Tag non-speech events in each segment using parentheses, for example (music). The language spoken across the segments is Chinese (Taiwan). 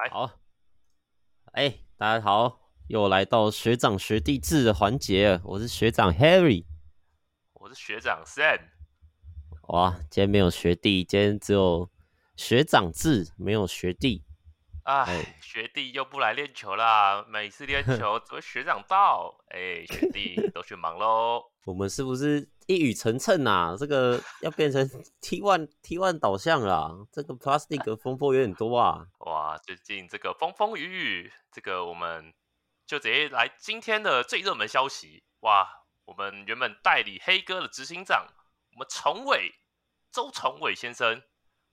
Hi. 好，哎、欸，大家好，又來到學長學弟制的環節。我是學長 Harry，我是學長 Sam。哇，今天沒有學弟，今天只有學長制，沒有學弟。哎、欸，uh, 學弟又不來練球啦！每次練球只會、 (laughs) 欸，都學長到？哎，學弟都去忙嘍。我們是不是？一語成讖吶、啊，這個要變成 T1 (laughs) T1 導向啦，、啊，這個 plastic 風波有點多啊。哇，最近這個風風雨雨，這個我們就直接來今天的最熱門消息。哇，我們原本代理黑哥的執行長，我們重偉周重偉先生，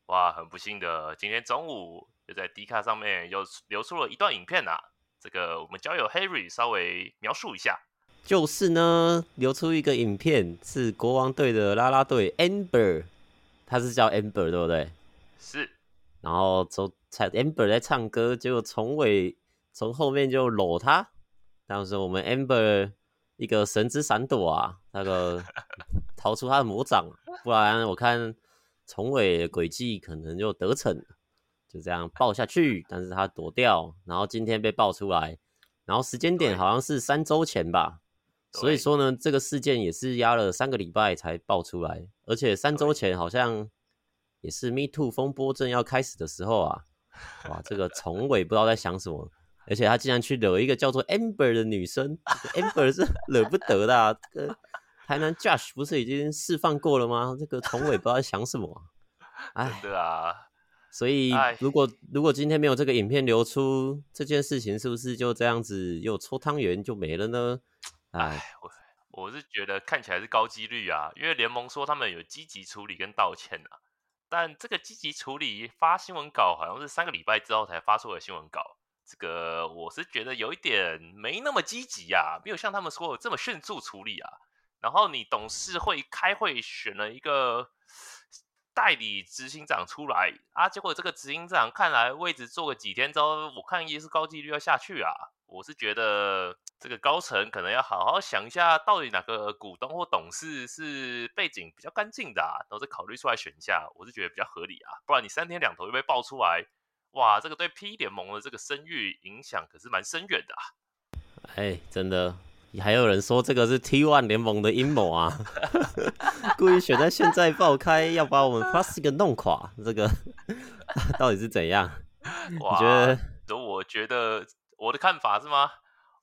哇，很不幸的，今天中午又在 Dcard 上面又流出了一段影片吶、啊。這個我們交由 Harry 稍微描述一下。就是呢，流出一個影片，是國王隊的啦啦隊 Amber，他是叫 Amber 對不對？是。然後從才 Amber 在唱歌，結果崇偉從後面就摟他。當時我們 Amber 一個神之閃躲啊，那個逃出他的魔掌，不然我看崇偉的詭計可能就得逞，就這樣抱下去。但是他躲掉，然後今天被爆出來，然後時間點好像是三週前吧。所以說呢，這個事件也是壓了三個禮拜才爆出來，而且三周前好像也是 Me Too 風波正要開始的時候啊，哇，這個從偉不知道在想什麼， (laughs) 而且他竟然去惹一個叫做 Amber 的女生、這個、，Amber 是惹不得的、啊。這個、台南 Judge 不是已經釋放過了嗎？這個從偉不知道在想什麼、啊，哎，對啊，所以如果如果今天沒有這個影片流出，這件事情是不是就這樣子又抽湯圓就沒了呢？唉，我我是覺得看起來是高幾率啊，因為聯盟說他們有積極處理跟道歉啊，但這個積極處理，發新聞稿好像是三個禮拜之後才發出的新聞稿，這個我是覺得有一點沒那麼積極啊，沒有像他們說的這麼迅速處理啊。然後你董事會開會選了一個。代理執行長出來啊，結果這個執行長看來位置坐個幾天之後，我看也是高幾率要下去啊。我是覺得這個高層可能要好好想一下，到底哪個股東或董事是背景比較乾淨的啊，然後再考慮出來選一下。我是覺得比較合理啊，不然你三天兩頭又被爆出來，哇，這個對 P 聯盟的這個聲譽影響可是蠻深遠的啊。哎、欸，真的。還有人說這個是 T1 聯盟的陰謀啊 (laughs) (laughs) 故意選在現在爆開，要把我們 P. League+ 弄垮，這個 (laughs) 到底是怎樣？哇，你覺得？我我覺得我的看法是嗎？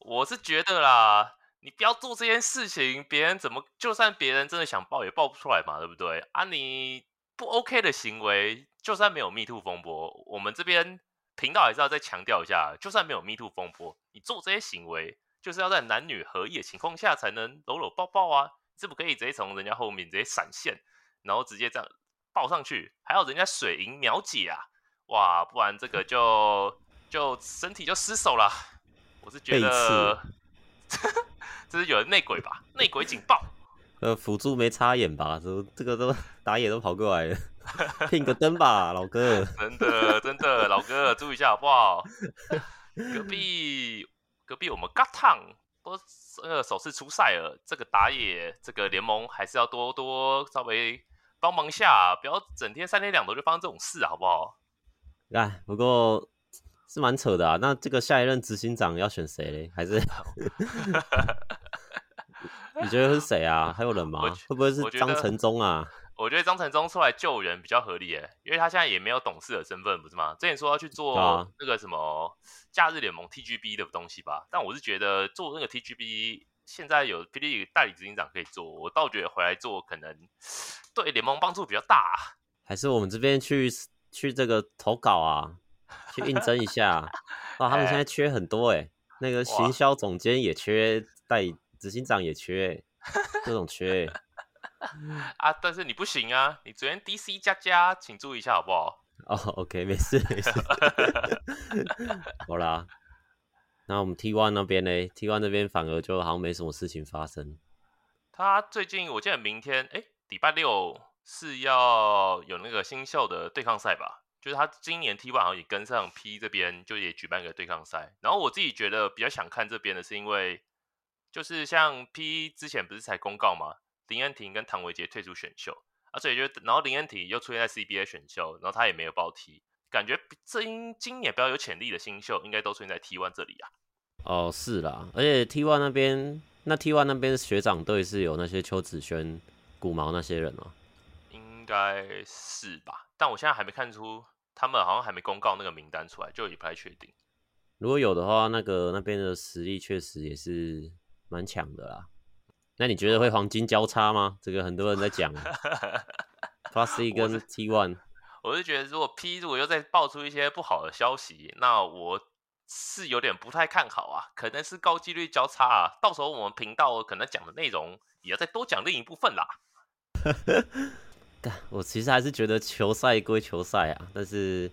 我是覺得啦，你不要做這件事情，別人怎麼就算別人真的想爆也爆不出來嘛，對不對？啊，你不 OK 的行為，就算沒有 MeToo 風波，我們這邊頻道還是要再強調一下，就算沒有 MeToo 風波，你做這些行為。就是要在男女合意的情況下才能摟摟抱抱啊！是不可以直接從人家後面直接閃現，然後直接這樣抱上去？還要人家水銀秒解啊！哇，不然這個就就身體就失手了。我是覺得 (laughs) 這是有人內鬼吧？內鬼警報！呃，輔助沒插眼吧？這這個都打野都跑過來了，拼 (laughs) 個燈吧，老哥！真的真的， (laughs) 老哥注意一下好不好？隔壁。隔壁我們 Gatang 都呃首次出賽了，這個打野這個聯盟還是要多多稍微幫忙下，啊，不要整天三天兩頭就發生這種事，好不好？哎，不過是蠻扯的啊。那這個下一任執行長要選誰嘞？還是 (laughs) (laughs) (laughs) 你覺得是誰啊？還有人嗎？會不會是張成忠啊？ (laughs) 我覺得張承宗出來救人比較合理誒，因為他現在也沒有董事的身份，不是嗎？之前說要去做那個什麼假日聯盟 TGB 的東西吧？啊、但我是覺得做那個 TGB 現在有霹靂代理執行長可以做，我倒覺得回來做可能對聯盟幫助比較大。還是我們這邊去去這個投稿啊，去應徵一下 (laughs) 啊！他們現在缺很多誒、欸，那個行銷總監也缺，代理執行長也缺，這種缺。 (laughs) (laughs) 啊！但是你不行啊，你昨天 DC 加加，請注意一下好不好？哦，OK，沒事沒事。 (laughs) (laughs) 好啦，那我們 T One 那邊呢？T One 那邊反而就好像沒什麼事情發生。他最近我記得明天哎，禮拜六是要有那個新秀的對抗賽吧？就是他今年 T One 好像也跟上 P 這邊就也舉辦個對抗賽。然後我自己覺得比較想看這邊的是因為就是像 P 之前不是才公告嗎？林安婷跟唐維杰退出選秀，而、啊、且就然後林安婷又出現在 CBA 選秀，然後他也沒有報 T，感覺這應今年比較有潛力的新秀應該都出現在 T1 這裡啊。哦，是啦，而且 T1 那邊那 T1 那邊的學長隊是有那些邱子軒、古毛那些人哦，應該是吧？但我現在還沒看出他們好像還沒公告那個名單出來，就也不太確定。如果有的話，那個那邊的實力確實也是蠻強的啦。那你覺得會黃金交叉嗎？這個很多人在講 (laughs) ，P. League+ 跟 T1，我，我是覺得如果 P 如果又再爆出一些不好的消息，那我是有點不太看好啊，可能是高幾率交叉啊。到時候我們頻道可能講的內容也要再多講另一部分啦 (laughs) 。我其實還是覺得球賽歸球賽啊，但是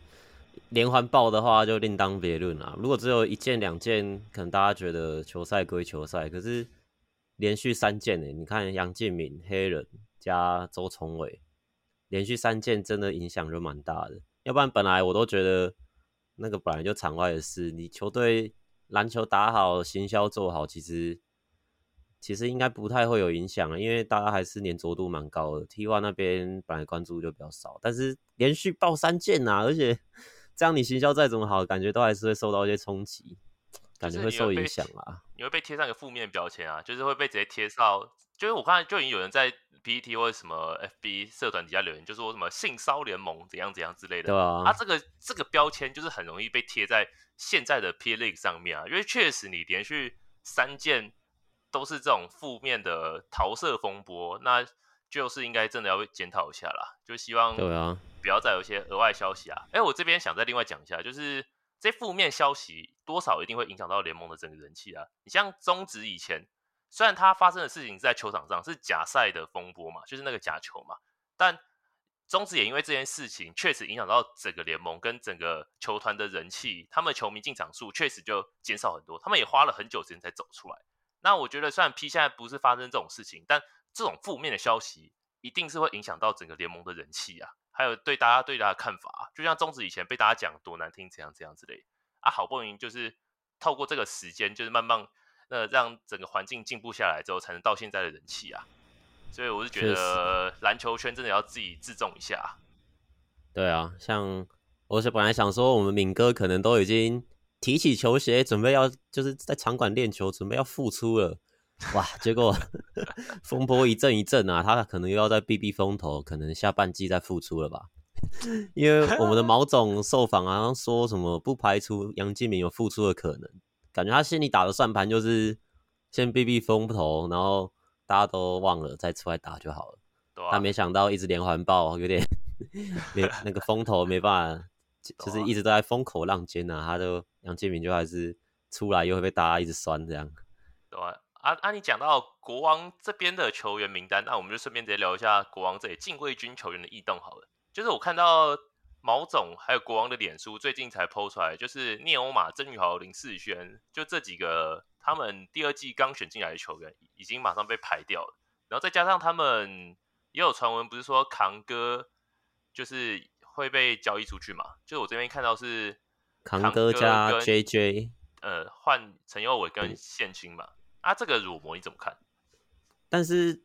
連環爆的話就另當別論了，如果只有一件兩件，可能大家覺得球賽歸球賽，可是。連續三件呢，你看楊敬敏、黑人加周崇偉，連續三件真的影響就蠻大的。要不然本來我都覺得那個本來就場外的事，你球隊籃球打好，行銷做好，其實其實應該不太會有影響啊。因為大家還是黏着度蠻高的，T1 那邊本來關注度就比較少，但是連續爆三件啦、啊、而且這樣你行銷再怎麼好，感覺都還是會受到一些衝擊。就是、你感覺會受影響啊，你會被貼上一個負面標籤啊，就是會被直接貼上，就是我剛才就已經有人在 PTT 或者什麼 F B 社團底下留言，就是、說什麼性騷聯盟怎樣怎樣之類的。對啊，啊這個這個標籤就是很容易被貼在現在的 P League 上面啊，因為確實你連續三件都是這種負面的桃色風波，那就是應該真的要檢討一下啦，就希望不要再有一些額外消息啊。哎、啊，我這邊想再另外講一下，就是。這負面消息多少一定會影響到聯盟的整個人氣啊！你像中職以前，雖然它發生的事情是在球場上是假賽的風波嘛，就是那個假球嘛，但中職也因為這件事情確實影響到整個聯盟跟整個球團的人氣，他們的球迷進場數確實就減少很多，他們也花了很久時間才走出來。那我覺得，雖然 P 現在不是發生這種事情，但這種負面的消息一定是會影響到整個聯盟的人氣啊。還有對大家對他的看法，就像中職以前被大家講多難聽、怎樣怎樣之類，啊，好不容易就是透過這個時間，就是慢慢呃讓整個環境進步下來之後，才能到現在的人氣啊。所以我是覺得籃球圈真的要自己自重一下。對啊，像我是本來想說，我們敏哥可能都已經提起球鞋，準備要就是在場館練球，準備要復出了。哇！結果風波一陣一陣啊，他可能又要再避避風頭，可能下半季再復出了吧。因為我們的毛總受訪啊，說什麼不排除楊建明有復出的可能。感覺他心裡打的算盤就是先避避風頭，然後大家都忘了再出來打就好了。啊、他沒想到一直連環爆，有點 (laughs) 有那個風頭沒辦法，就是一直都在風口浪尖啊。他都楊建明就還是出來又會被大家一直酸這樣。對、啊。啊啊！啊你講到國王這邊的球員名單，那我們就順便直接聊一下國王這裡禁衛軍球員的異動好了。就是我看到毛總還有國王的臉書最近才 PO 出來，就是聶歐馬、鄭宇豪、林世軒，就這幾個他們第二季剛選進來的球員，已經馬上被排掉了。然後再加上他們也有傳聞，不是說扛哥就是會被交易出去嘛？就是我這邊看到是扛哥，扛哥加 JJ，呃，換陳佑偉跟現青嘛。啊，這個辱 u 你怎麼看？但是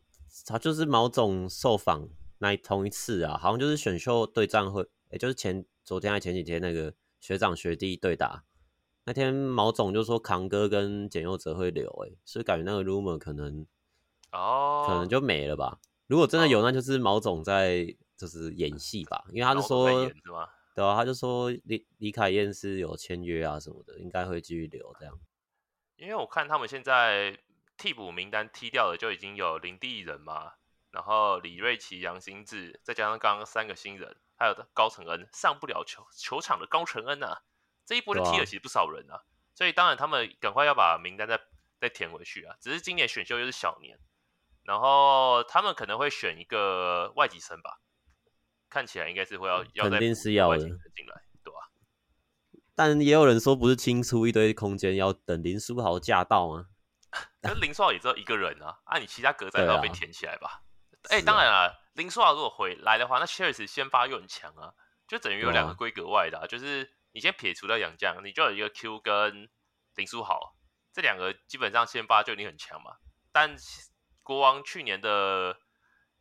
他就是毛總受訪那一同一次啊，好像就是選秀對戰會，也、欸、就是前昨天還前幾天那個學長學弟對打那天，毛總就說康哥跟簡佑哲會留、欸，哎，所以感覺那個 rumor 可能哦，oh. 可能就沒了吧。如果真的有，oh. 那就是毛總在就是演戲吧，因為他就說是對吧、啊？他就說李李凱燕是有簽約啊什麼的，應該會繼續留這樣。因為我看他們現在替補名單踢掉的就已經有林地人嘛，然後李瑞奇、楊興志，再加上剛剛三個新人，還有的高承恩上不了球球場的高承恩吶、啊，這一波就踢了其實不少人啊，所以當然他們趕快要把名單再再填回去啊。只是今年選秀又是小年，然後他們可能會選一個外籍生吧，看起來應該是會要、嗯、肯定是要，要一個外籍生進來。但也有人說，不是清出一堆空間要等林書豪駕到嗎？是 (laughs) (laughs) 林書豪也只有一個人啊，啊，你其他格子都要被填起來吧。哎、啊欸啊，當然了，林書豪如果回來的話，那 Cheris 先發又很強啊，就等於有兩個規格外的、啊，就是你先撇除了洋將，你就有一個 Q 跟林書豪這兩個，基本上先發就已經很強嘛。但國王去年的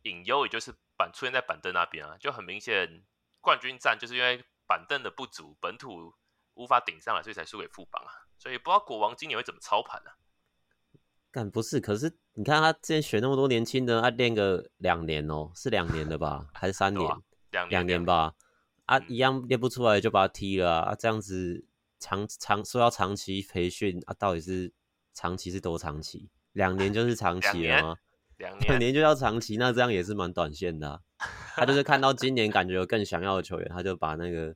隱憂，也就是板出現在板凳那邊啊，就很明顯，冠軍戰就是因為板凳的不足，本土，無法頂上來，所以才輸給富邦啊！所以不知道國王今年會怎麼操盤呢、啊？但不是，可是你看他之前選那麼多年輕的，他、啊、練個兩年哦、喔，是兩年的吧？ (laughs) 還是三年？兩、啊、年，年吧年？啊，一樣練不出來就把他踢了啊！嗯、啊，這樣子長長說要長期培訓啊，到底是長期是多長期？兩年就是長期了嗎？兩 (laughs) 年，年， (laughs) 年就要長期？那這樣也是蠻短線的啊！他就是看到今年感覺有更想要的球員， (laughs) 他就把那個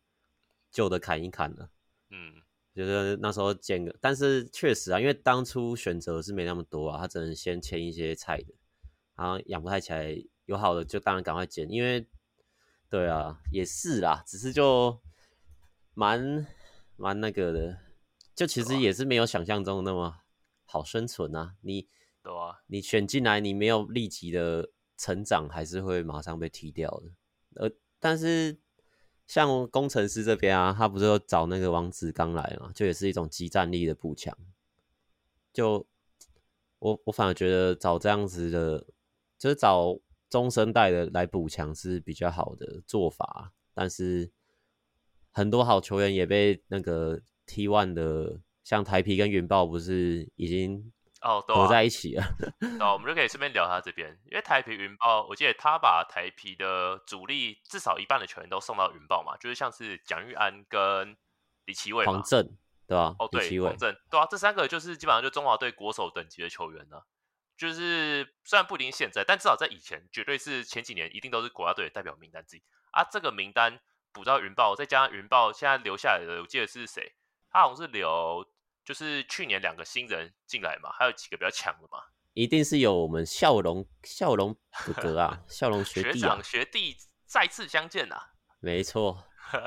舊的砍一砍了。嗯，就是那時候撿個，但是確實啊，因為當初選擇是沒那麼多啊，他只能先簽一些菜的，然後養不太起來，有好的就當然趕快撿，因為對啊，也是啦，只是就蠻蠻那個的，就其實也是沒有想象中那麼好生存啊，你，對啊，你選進來你沒有立即的成長，還是會馬上被踢掉的，呃，但是。像工程師這邊啊，他不是有找那個王子剛來嘛，就也是一種即戰力的補強。就我我反而覺得找這樣子的，就是找中生代的來補強是比較好的做法。但是很多好球員也被那個 T1 的，像台啤跟雲豹，不是已經。哦，都、啊，在一起啊 (laughs) 、哦。我們就可以順便聊他這邊，因為台啤雲豹，我記得他把台啤的主力至少一半的球員都送到雲豹嘛，就是像是蔣玉安跟李奇偉、黃正，對吧、啊？哦，對，黃正，對啊，這三個就是基本上就中華隊國手等級的球員了、啊。就是雖然不一定現在，但至少在以前，絕對是前幾年一定都是國家隊的代表名單之一啊。這個名單補到雲豹，再加上雲豹現在留下來的，我記得是誰？他好像是留。就是去年兩個新人進來嘛，還有幾個比較強的嘛，一定是有我們笑容，笑容哥哥啊，笑容學、啊、學長學弟再次相見啊，沒錯，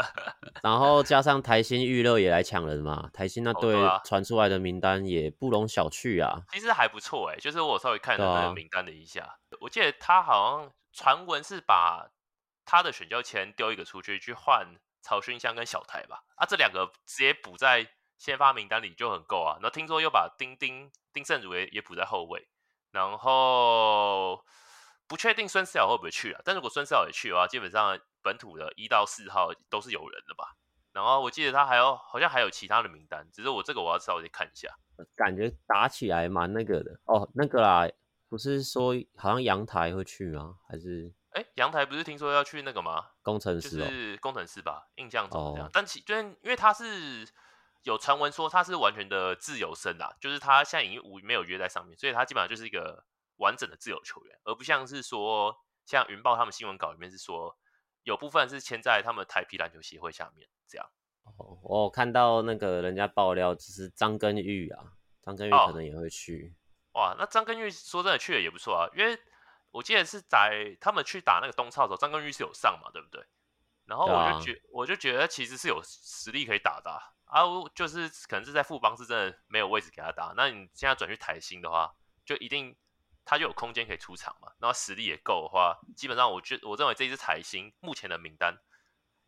(laughs) 然後加上台新娛樂也來搶人嘛，台新那隊傳出來的名單也不容小覷啊、哦、啊，其實還不錯哎、欸，就是我稍微看了那個名單的一下、啊，我記得他好像傳聞是把他的選秀籤丟一個出去去換曹薰襄跟小台吧，啊這兩個直接補在。先發名單裡就很夠啊，然後聽說又把丁丁丁聖儒也也補在後衛，然後不確定孫思堯會不會去啊？但如果孫思堯也去的話，基本上本土的一到四號都是有人的吧？然後我記得他還有好像還有其他的名單，只是我這個我要稍微看一下，感覺打起來蠻那個的哦，那個啦，不是說好像陽台會去嗎？還是哎，陽台不是聽說要去那個嗎？工程師、哦就是工程師吧？印象中這樣？哦、但其實因為他是。有傳聞說他是完全的自由身啦，就是他現在已經無沒有約在上面，所以他基本上就是一個完整的自由球員，而不像是說像雲豹他們新聞稿裡面是說有部分是簽在他們台啤籃球協會下面這樣。哦，我、哦、看到那個人家爆料，就是張根玉啊，張根玉可能也會去。哦、哇，那張根玉說真的去了也不錯啊，因為我記得是在他們去打那個東超的時候，張根玉是有上嘛，對不對？然後我就覺、啊、我就覺得其實是有實力可以打的、啊。啊，就是可能是在富邦是真的沒有位置給他打。那你現在轉去台新的話，就一定他就有空間可以出場嘛。然後實力也夠的話，基本上我覺我認為這支台新目前的名單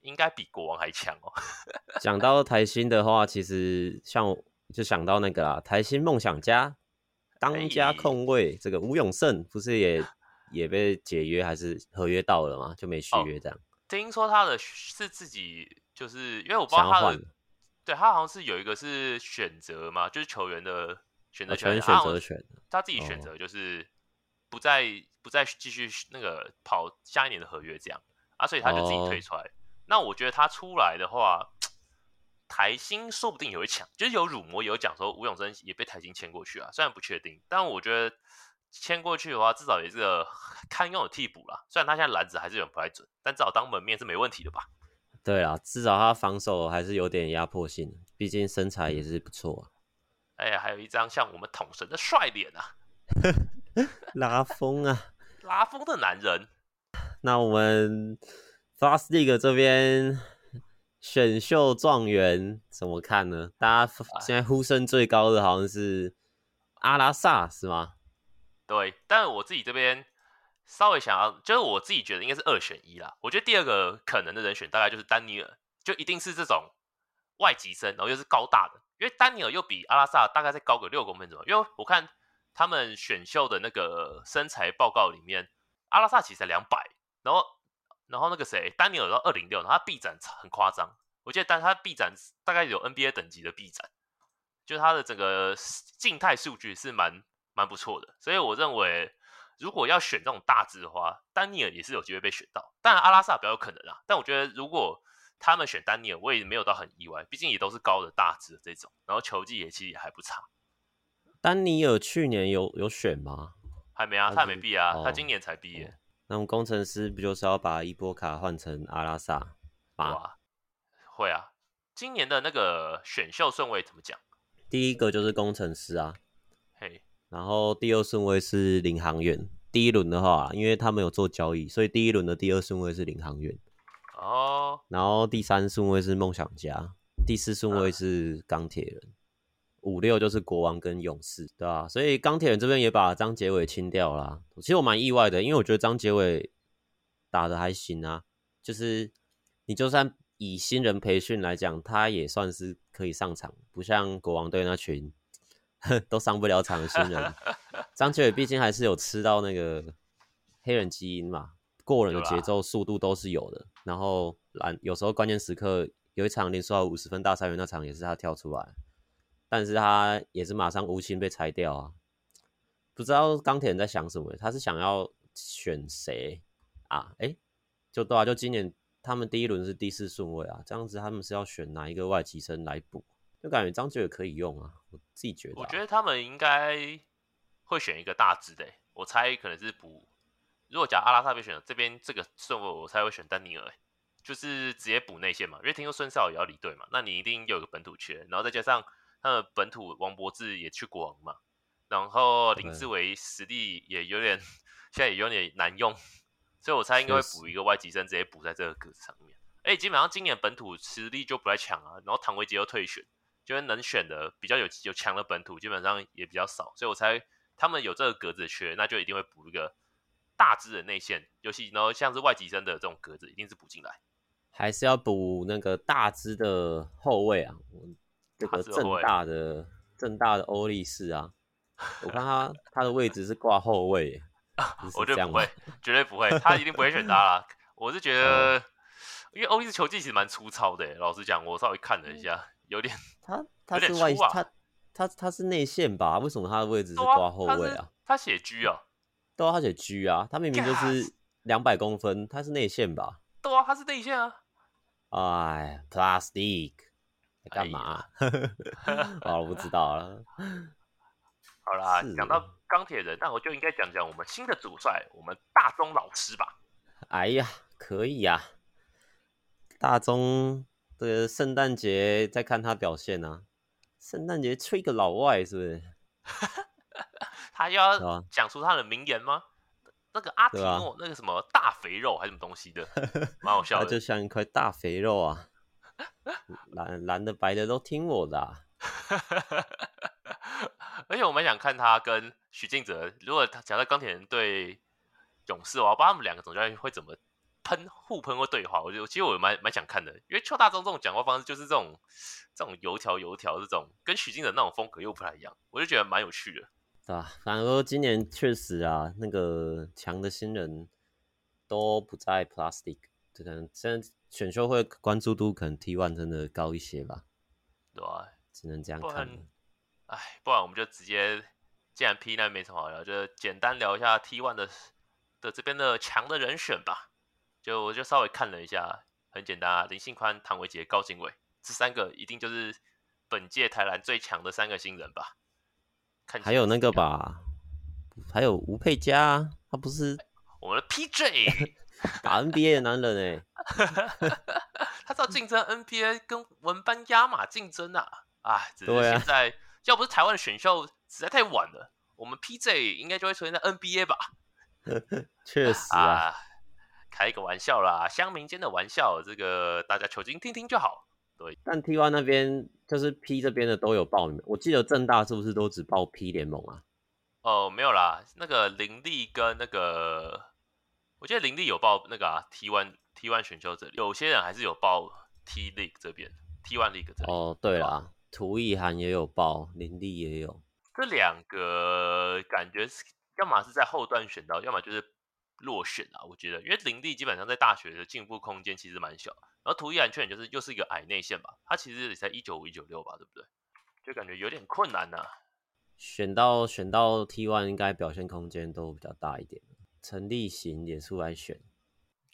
應該比國王還強哦。講到台新的話，其實像就想到那個啊，台新夢想家當家控衛、哎、這個吳永盛，不是也也被解約還是合約到了嗎？就沒續約這樣。哦、聽說他的是自己，就是因為我幫。他的。對他好像是有一個是選擇嘛，就是球員的選擇權，選擇權、啊啊，他自己選擇，就是不再、哦、不再繼續那個跑下一年的合約這樣啊，所以他就自己退出來、哦。那我覺得他出來的話，台新說不定也會搶，就是有乳摸也有講說吳永生也被台新簽過去啊，雖然不確定，但我覺得簽過去的話，至少也是個堪用的替補啦。雖然他現在籃子還是有點不太準，但至少當門面是沒問題的吧。對啦，至少他防守還是有點壓迫性，畢竟身材也是不錯啊。哎呀，還有一張像我們統神的帥臉啊， (laughs) 拉風啊，拉風的男人。那我們 Fast League 這邊選秀狀元怎麼看呢？大家現在呼聲最高的好像是阿拉薩，是嗎？對，但是我自己這邊。稍微想要，就是我自己覺得應該是二選一啦。我覺得第二個可能的人選大概就是丹尼爾，就一定是這種外籍生，然後又是高大的，因為丹尼爾又比阿拉薩大概再高個六公分左右。因為我看他們選秀的那個身材報告裡面，阿拉薩其實才兩百，然後然後那個誰，丹尼爾到二零六，然後他臂展很誇張。我記得但他臂展大概有 NBA 等級的臂展，就他的整個靜態數據是蠻蠻不錯的，所以我認為。如果要選這種大只的話，丹尼爾也是有機會被選到，當然阿拉薩比較有可能啊。但我覺得如果他們選丹尼爾，我也沒有到很意外，畢竟也都是高的大只這種，然後球技也其實也還不差。丹尼爾去年有有選嗎？還沒啊，他，他還沒畢業啊，哦，他今年才畢業。嗯，那我們工程師不就是要把伊波卡換成阿拉薩嗎？會啊，今年的那個選秀順位怎麼講？第一個就是工程師啊。嘿。然後第二順位是領航員。第一輪的話，啊，因為他們有做交易，所以第一輪的第二順位是領航員。哦、oh.。然後第三順位是夢想家，第四順位是鋼鐵人。啊、五六就是國王跟勇士，對吧，啊？所以鋼鐵人這邊也把張杰偉清掉了。其實我蠻意外的，因為我覺得張杰偉打得還行啊。就是你就算以新人培訓來講，他也算是可以上場，不像國王隊那群。 (laughs) 都上不了場的新人，張九爺畢竟還是有吃到那個黑人基因嘛，過人的節奏速度都是有的。然後藍有時候關鍵時刻，有一場連輸到五十分大三元那場也是他跳出來，但是他也是馬上無情被裁掉啊。不知道鋼鐵人在想什麼，他是想要選誰啊？哎，就對啊，就今年他們第一輪是第四順位啊，這樣子他們是要選哪一個外籍生來補？就感覺張九爺可以用啊。自己決定、啊。我覺得他們應該會選一個大隻的、欸，我猜可能是補。如果講阿拉薩被選了，這邊這個順位我猜會選丹尼爾、欸，就是直接補內線嘛。因為聽說孫少也要離隊嘛，那你一定有一個本土缺，然後再加上他的本土王柏智也去國王嘛，然後林志偉實力也有點、嗯，現在也有點難用，所以我猜應該會補一個外籍生，直接補在這個格子上面。哎、就是欸，基本上今年本土實力就不太強啊，然後唐維杰又退選。就是能選的比較有有強的本土，基本上也比較少，所以我猜他們有這個格子的缺，那就一定會補一個大隻的內線，尤其然後像是外籍生的這種格子，一定是補進來。還是要補那個大隻的後衛啊，這個正大的是正大的歐力士啊，我看他他的位置是掛後衛， (laughs) 我覺得不會，絕對不會，他一定不會選他啦。 (laughs) 我是覺得，嗯、因為歐力士球技其實蠻粗糙的，老實講，我稍微看了一下。嗯有點，他他是外他他他是內線吧？為什麼他的位置是掛後衛啊？他寫、啊 G, 哦啊、G 啊，對啊，他寫 G 啊，他明明就是兩百公分，他是內線吧？對啊，他是內線啊。哎，Plastic，你幹嘛？啊、哎， (laughs) 我不知道了 (laughs) 好啦，講到鋼鐵人，那我就應該講講我們新的主帥，我們大中老師吧。哎呀，可以呀、啊，大中。這個聖誕節再看他表現吶、啊，聖誕節吹個老外是不是？ (laughs) 他要講出他的名言嗎？ (laughs) 那個阿提諾、啊、那個什麼大肥肉還是什麼東西的，蠻好笑。就像一塊大肥肉啊， (laughs) 藍藍的白的都聽我的、啊。 (laughs) (laughs) 而且我蠻想看他跟許晉哲，如果他講到鋼鐵人對勇士，我不知道他們兩個總教練會怎麼。噴互噴或對話，我覺得其實我蠻蠻想看的，因為邱大宗這種講話方式就是這種這種油條油條這種，跟許靖的那種風格又不太一樣，我就覺得蠻有趣的，對吧、啊？反而今年確實啊，那個強的新人都不在 Plastic，對吧？現在選秀會關注度可能 T One 真的高一些吧，對、啊、只能這樣看，哎，不然我們就直接既然 P 那沒什麼好聊，就簡單聊一下 T One 的的這邊的強的人選吧。就我就稍微看了一下，很簡單啊，林信寬、唐維杰、高景偉這三個一定就是本屆台籃最強的三個新人吧？看，還有那個吧，還有吳佩嘉，他不是我們的 PJ (laughs) 打 NBA 的男人哎、欸， (laughs) 他知道競爭 NBA 跟文班亞馬競爭啊！啊，只是現在、啊、要不是台灣的選秀實在太晚了，我們 PJ 應該就會出現在 NBA 吧？ (laughs) 確實啊。啊開個玩笑啦，鄉民間的玩笑，這個大家求精聽聽就好。對，但 T1 那邊就是 P 這邊的都有報，你我記得政大是不是都只報 P 聯盟啊？哦，沒有啦，那個林立跟那個，我記得林立有報那個啊 T1 T1 選秀這裡，有些人還是有報 T League 這邊，T1 League 這邊。哦，對啦，涂以涵也有報，林立也有，這兩個感覺是，要麼是在後段選到，要麼就是。落選啊，我覺得，因為林立基本上在大學的進步空間其實蠻小，然後涂依然缺就是又、就是一個矮內線吧，他其實也才一九五一九六吧，對不對？就感覺有點困難吶、啊。選到選到 T1 應該表現空間都比較大一點。陳立行也出來選，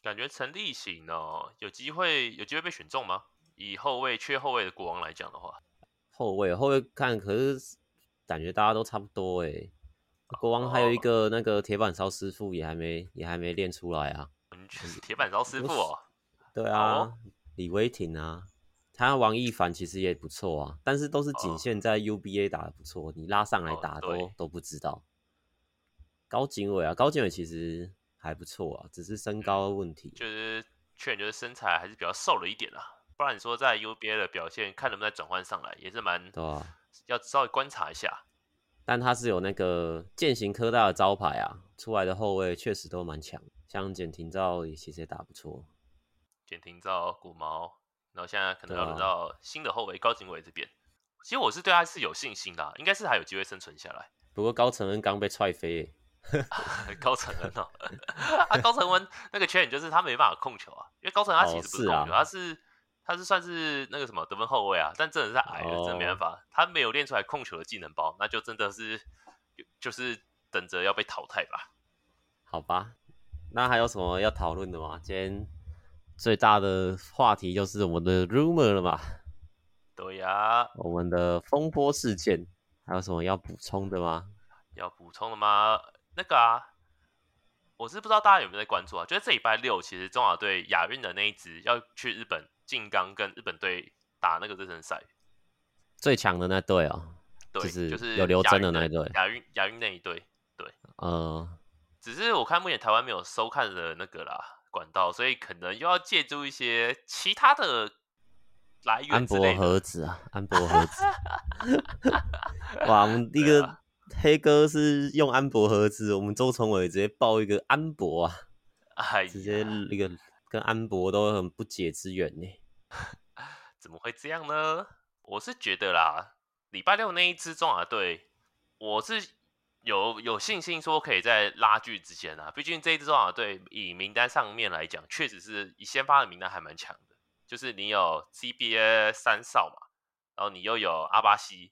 感覺陳立行哦、喔，有機會有機會被選中嗎？以後衛缺後衛的國王來講的話，後衛後衛看可是感覺大家都差不多哎、欸。國王還有一個那個鐵板燒師傅也還沒、哦、也還沒練出來啊，鐵、嗯、板燒師傅哦，對啊，哦、李維廷啊，他王一凡其實也不錯啊，但是都是僅限在 U B A 打得不錯、哦，你拉上來打都、哦、都、都不知道。高景偉啊，高景偉其實還不錯啊，只是身高的問題，就是確實就是身材還是比較瘦了一點啊，不然你說在 U B A 的表現，看能不能轉換上來，也是蠻、對啊、要稍微觀察一下。但他是有那個健行科大的招牌啊，出來的後衛確實都蠻強，像簡廷昭也其實也打不錯。簡廷昭、古茅，然後現在可能要輪到新的後衛、啊、高錦瑋這邊。其實我是對他是有信心的，應該是還有機會生存下來。不過高承恩剛被踹飛、啊。高承恩哦、喔， (laughs) 啊高承恩那個缺點就是他沒辦法控球啊，因為高承恩他其實不是控球，哦是啊、他是。他是算是那個什麼得分後衛啊，但真的是矮了，Oh. 真的沒辦法。他沒有練出來控球的技能包，那就真的是就是等着要被淘汰吧。好吧，那還有什麼要討論的嗎？今天最大的話題就是我們的 rumor 了吧？對呀、啊，我們的風波事件，還有什麼要補充的嗎？要補充的嗎？那個啊，我是不知道大家有沒有在關注啊？就是這禮拜六，其實中華隊亞運的那一支要去日本。靖剛跟日本隊打那個熱身賽，最強的那隊哦。對，就是就是有劉錚的那隊，亞運亞運那一隊，對，嗯、就是呃，只是我看目前台灣沒有收看的那個啦管道，所以可能又要借助一些其他的來源之類的，安博盒子啊，安博盒子， (laughs) (laughs) 哇，我們那個黑哥是用安博盒子，我們周崇偉也直接抱一個安博啊，哎、直接那個。跟安博都很不解之緣呢。怎麼會這樣呢？我是覺得啦，禮拜六那一支中華隊，我是有有信心說可以在拉鋸之間啊。畢竟這一支中華隊以名單上面來講，確實是以先發的名單還蠻強的。就是你有 CBA 三少嘛，然後你又有阿巴西，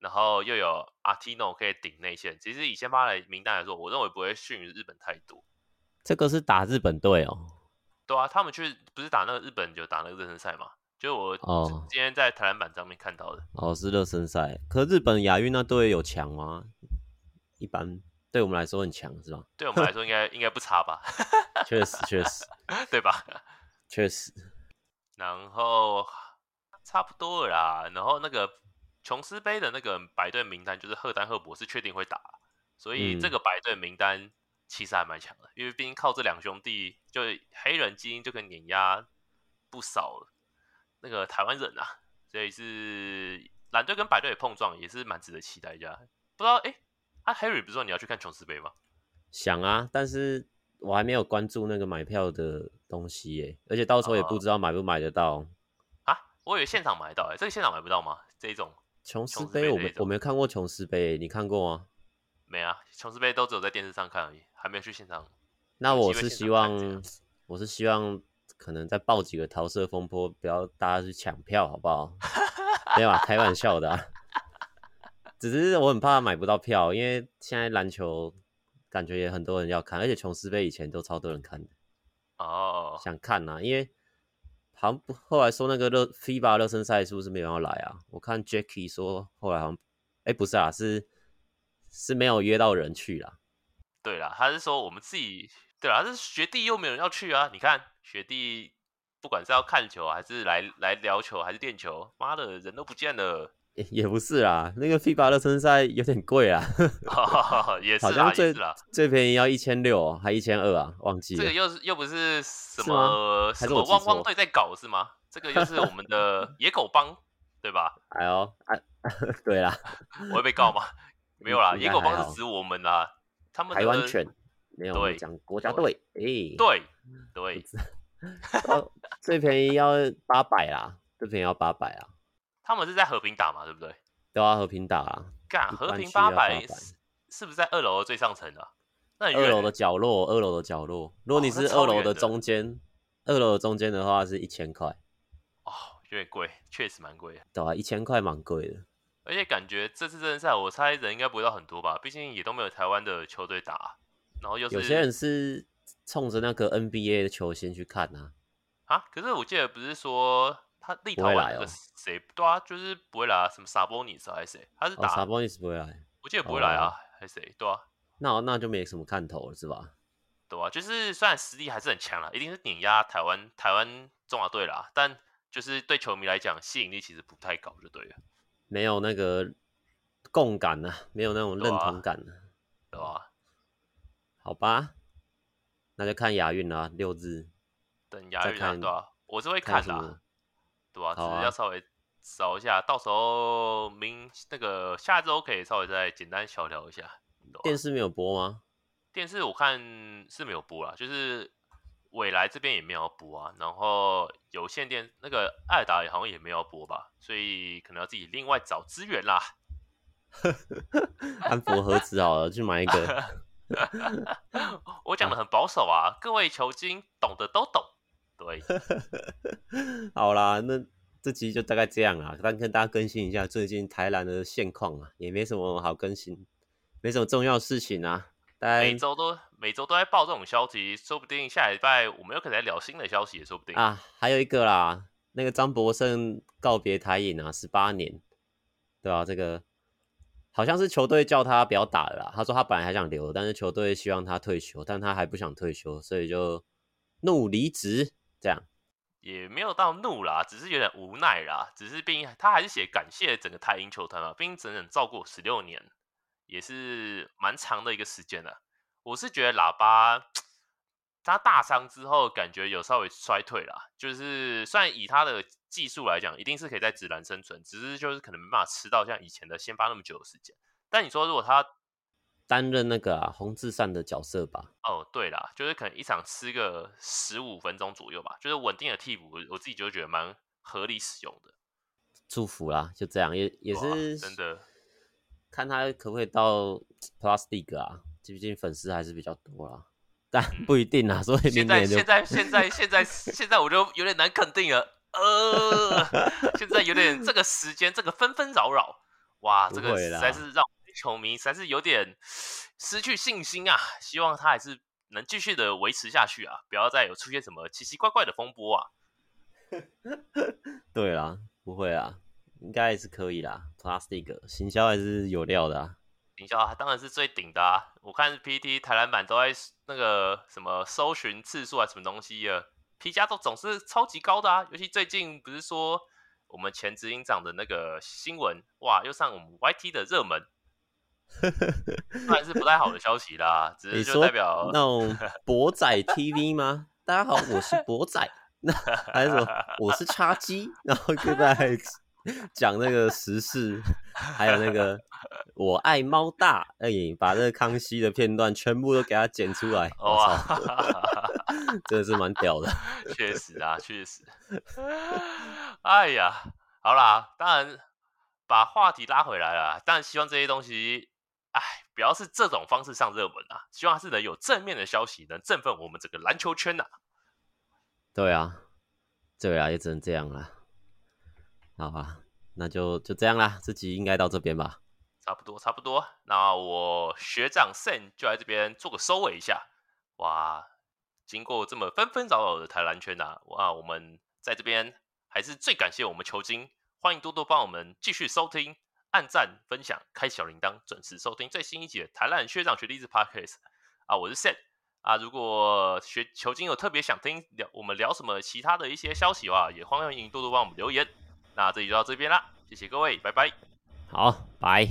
然後又有阿提諾可以頂內線。其實以先發的名單來說，我認為不會遜於日本太多。這個是打日本隊哦。對啊，他們去不是打那個日本，就打那個熱身賽嘛？就是我今天在台灣版上面看到的。哦，哦是熱身賽。可是日本亞運那隊有強嗎？一般對我們來說很強是吧？對我們來說應該 (laughs) 應該不差吧？確實確實，確實 (laughs) 對吧？確實。然後差不多啦。然後那個瓊斯盃的那個白隊名單，就是赫丹赫博是確定會打，所以這個白隊名單，嗯。其實還蠻強的，因為畢竟靠這兩兄弟，就黑人基因就可以碾壓不少那個台灣人啊，所以是藍隊跟白隊的碰撞，也是蠻值得期待一下。不知道，哎、欸，啊 Harry 不是說你要去看瓊斯盃嗎？想啊，但是我還沒有關注那個買票的東西耶，而且到時候也不知道買不買得到。啊，我以為現場買得到，哎，這個現場買不到嗎？這一種瓊斯盃我沒我沒看過瓊斯盃，你看過嗎？沒啊，瓊斯杯都只有在電視上看而已，還沒有去現場。那我是希望，我是希望可能再爆幾個桃色風波，不要大家去搶票，好不好？ (laughs) 沒有啊，開玩笑的、啊。 (laughs) 只是我很怕買不到票，因為現在籃球感覺也很多人要看，而且瓊斯杯以前都超多人看的。哦、oh.，想看吶、啊，因為好像後來說那個熱 FIBA 熱身賽是不是沒有要來啊？我看 Jacky 說後來好像，哎、欸，不是啊，是。是沒有約到人去了，對啦，他是說我們自己，對啦，他是學弟又沒有人要去啊。你看學弟不管是要看球還是來來聊球還是練球，媽的人都不見了也。也不是啦，那個 FIBA 熱身賽有點貴啊 (laughs) 哦，也是啊，最也是啦，最便宜要一千六啊，還一千二啊，忘記了，這個又是又不是什麼是什麼汪汪隊在搞是嗎？是這個又是我們的野狗幫 (laughs) 對吧？哎呦、啊，對啦， (laughs) 我會被告嗎？沒有啦，野狗幫是指我們啦，還他們台灣犬沒有講國家隊，哎，對對，欸、對對 (laughs) 對對 (laughs) 最便宜要八百啦， (laughs) 最便宜要八百啊。他們是在和平打嘛，對不對？對啊，和平打啊。幹和平八百是是不是在二樓的最上層的、啊？二樓的角落，二樓的角落。如果你是二樓的中間、哦，二樓的中間的話是一千塊，哦，有點貴，確實蠻貴的。對啊，一千塊蠻貴的。而且感覺這次正賽，我猜人應該不會到很多吧？畢竟也都沒有台灣的球隊打。然後是有些人是衝着那個 NBA 的球星去看吶、啊。啊，可是我記得不是說他立陶宛有個誰、哦，對啊，就是不會來什麼薩波尼斯還是誰？他是打薩、哦、波尼斯不會來。我記得不會來啊，哦、還是誰？對啊，那那就沒什麼看頭了，是吧？對啊，就是雖然實力還是很強了，一定是碾壓台灣台灣中華隊啦。但就是對球迷來講，吸引力其實不太高，就對了。沒有那個共感呢、啊，沒有那種認同感呢、啊，對吧、啊啊？好吧，那就看亞運了、啊，六字。等亞運、啊、看、啊、我是會看的，對吧、啊？只是要稍微掃一下、啊，到時候明那個下周可以稍微再簡單小聊一下、啊。電視沒有播嗎？電視我看是沒有播啦就是。緯來這邊也沒有播啊，然後有線電那個愛爾達也好像也沒有播吧，所以可能要自己另外找資源啦。 (laughs) 安博盒子好了， (laughs) 去買一個。 (laughs) (laughs) 我講的很保守啊， (laughs) 各位求精懂得都懂。對， (laughs) 好啦，那這集就大概這樣啦，剛跟大家更新一下最近台籃的現況啊，也沒什麼好更新，沒什麼重要的事情啊。每週都。每週都在報這種消息，說不定下禮拜我們有可能在聊新的消息，也說不定啊。還有一個啦，那個張博勝告別台銀啊，十八年，對吧、啊？這個好像是球隊叫他不要打了啦，他說他本來還想留，但是球隊希望他退休，但他還不想退休，所以就怒離職。這樣也沒有到怒啦，只是有點無奈啦。只是畢竟他還是寫感謝整個台銀球團啊，畢竟整整照顧十六年，也是蠻長的一個時間了、啊。我是覺得喇叭他大傷之後，感覺有稍微衰退了。就是雖然以他的技術來講，一定是可以在職籃生存，只是就是可能沒辦法吃到像以前的先發那麼久的時間。但你說如果他擔任那個、啊、洪志善的角色吧？哦，對啦，就是可能一場吃個十五分鐘左右吧，就是穩定的替補，我自己就覺得蠻合理使用的。祝福啦，就這樣，也也是真的，看他可不可以到 plastic 啊。最近粉絲還是比較多啦，但不一定啊，所以現在 (laughs) 現在現在現在現在我就有點難肯定了，呃， (laughs) 現在有點這個時間這個紛紛擾擾，哇，這個實在是讓球迷實在是有點失去信心啊，希望他還是能繼續的維持下去啊，不要再有出現什麼奇奇怪怪的風波啊。 (laughs) 對啦，不會啊，應該還是可以啦，P. League+ 行銷還是有料的啊。營、啊、銷當然是最頂的啊！我看 p t 台籃版都在那個什麼搜尋次數啊，什麼東西啊。P 加都總是超級高的啊！尤其最近不是說我們前執行長的那個新聞，哇，又上我們 YT 的熱門，那 (laughs) 是不太好的消息啦、啊。只是就代表那種博仔 TV 嗎？ (laughs) 大家好，我是博仔， (laughs) 還是我是叉機，然後就在。講那個時事， (laughs) 還有那個 (laughs) 我愛貓貓大， (laughs) 哎，你把那個康熙的片段全部都給他剪出來，oh、哇， (laughs) (laughs) 真的是蠻屌的，確實啊，確實。哎呀，好啦，當然把話題拉回來了，但希望這些東西，哎，不要是這種方式上熱門啊，希望它是能有正面的消息，能振奮我們這個籃球圈吶、啊。對啊，對啊，也只能這樣了。好吧、啊，那就就這樣啦，這集應該到這邊吧，差不多差不多。那我學長 Sen 就來這邊做個收尾一下。哇，經過這麼紛紛擾擾的台籃圈吶、啊，哇，我們在這邊還是最感謝我們球經，歡迎多多幫我們繼續收聽，按讚分享，開小鈴鐺，準時收聽最新一集的台籃學長學帝雉 Podcast 啊，我是 Sen 啊。如果學球經有特別想聽聊我們聊什麼其他的一些消息的話，也歡迎多多幫我們留言。那這裡就到這邊啦，謝謝各位，拜拜。好，拜。